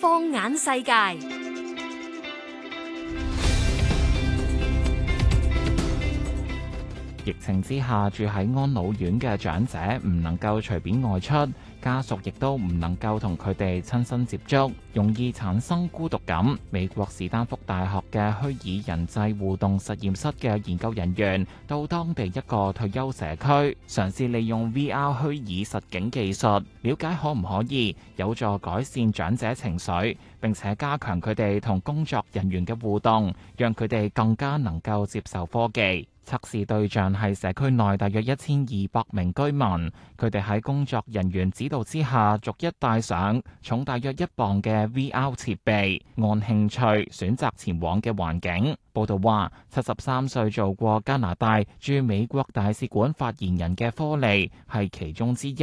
放眼世界，疫情之下住喺安老院嘅長者唔能夠隨便外出。家屬亦都唔能夠同佢哋親身接觸，容易產生孤獨感。美國史丹福大學嘅虛擬人際互動實驗室嘅研究人員到當地一個退休社區，嘗試利用 VR 虛擬實境技術，了解可唔可以有助改善長者情緒，並且加強佢哋同工作人員嘅互動，讓佢哋更加能夠接受科技。測試對象係社區內大約一千二百名居民，佢哋喺工作人員指導之下，逐一戴上重大約一磅嘅 VR 設備，按興趣選擇前往嘅環境。報道話，七十三歲做過加拿大駐美國大使館發言人嘅科利係其中之一，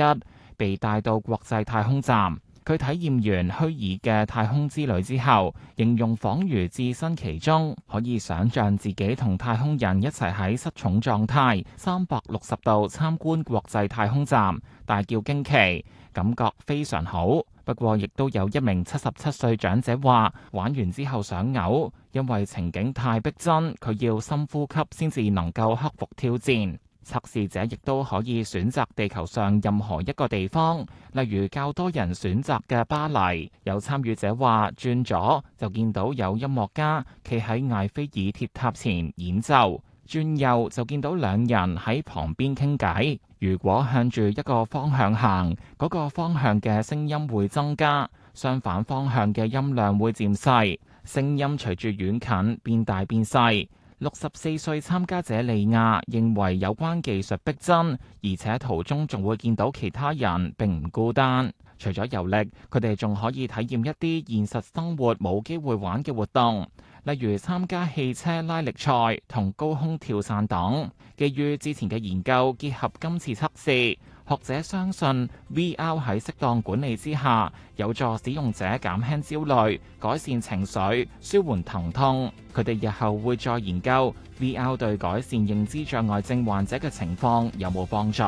被帶到國際太空站。佢體驗完虛擬嘅太空之旅之後，形容彷如置身其中，可以想像自己同太空人一齊喺失重狀態，三百六十度參觀國際太空站，大叫驚奇，感覺非常好。不過，亦都有一名七十七歲長者話，玩完之後想嘔，因為情景太逼真，佢要深呼吸先至能夠克服挑戰。測試者亦都可以選擇地球上任何一個地方，例如較多人選擇嘅巴黎。有參與者話：轉左就見到有音樂家企喺艾菲爾鐵塔前演奏；轉右就見到兩人喺旁邊傾偈。如果向住一個方向行，嗰個方向嘅聲音會增加，相反方向嘅音量會漸細。聲音隨住遠近變大變細。六十四歲參加者利亞認為有關技術逼真，而且途中仲會見到其他人，並唔孤單。除咗遊歷，佢哋仲可以體驗一啲現實生活冇機會玩嘅活動。例如參加汽車拉力賽同高空跳傘等，基於之前嘅研究，結合今次測試，學者相信 VR 喺適當管理之下，有助使用者減輕焦慮、改善情緒、舒緩疼痛。佢哋日後會再研究 VR 對改善認知障礙症患者嘅情況有冇幫助。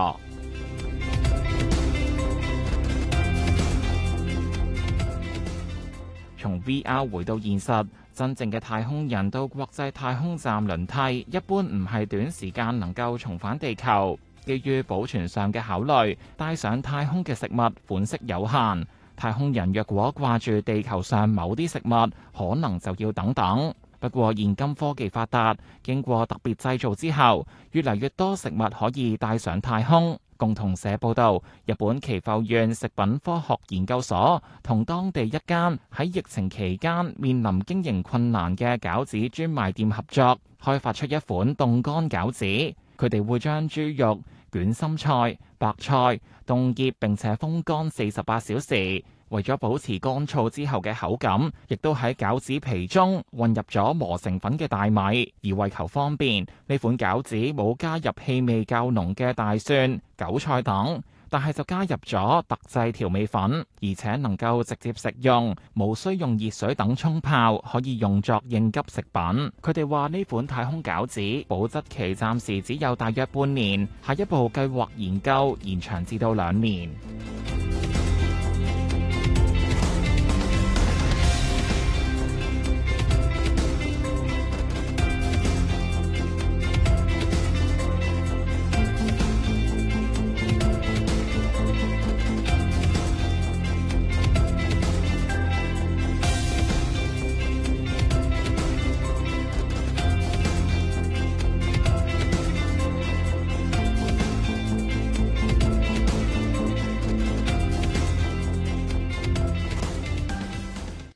從 VR 回到現實，真正嘅太空人到國際太空站輪替，一般唔係短時間能夠重返地球。基於保存上嘅考慮，帶上太空嘅食物款式有限。太空人若果掛住地球上某啲食物，可能就要等等。不過，現今科技發達，經過特別製造之後，越嚟越多食物可以帶上太空。共同社報導，日本岐阜縣食品科學研究所同當地一間喺疫情期間面臨經營困難嘅餃子專賣店合作，開發出一款凍乾餃子。佢哋會將豬肉、捲心菜、白菜凍結並且風乾四十八小時。為咗保持乾燥之後嘅口感，亦都喺餃子皮中混入咗磨成粉嘅大米。而為求方便，呢款餃子冇加入氣味較濃嘅大蒜、韭菜等，但係就加入咗特製調味粉，而且能夠直接食用，無需用熱水等沖泡，可以用作應急食品。佢哋話，呢款太空餃子保質期暫時只有大約半年，下一步計劃研究延長至到兩年。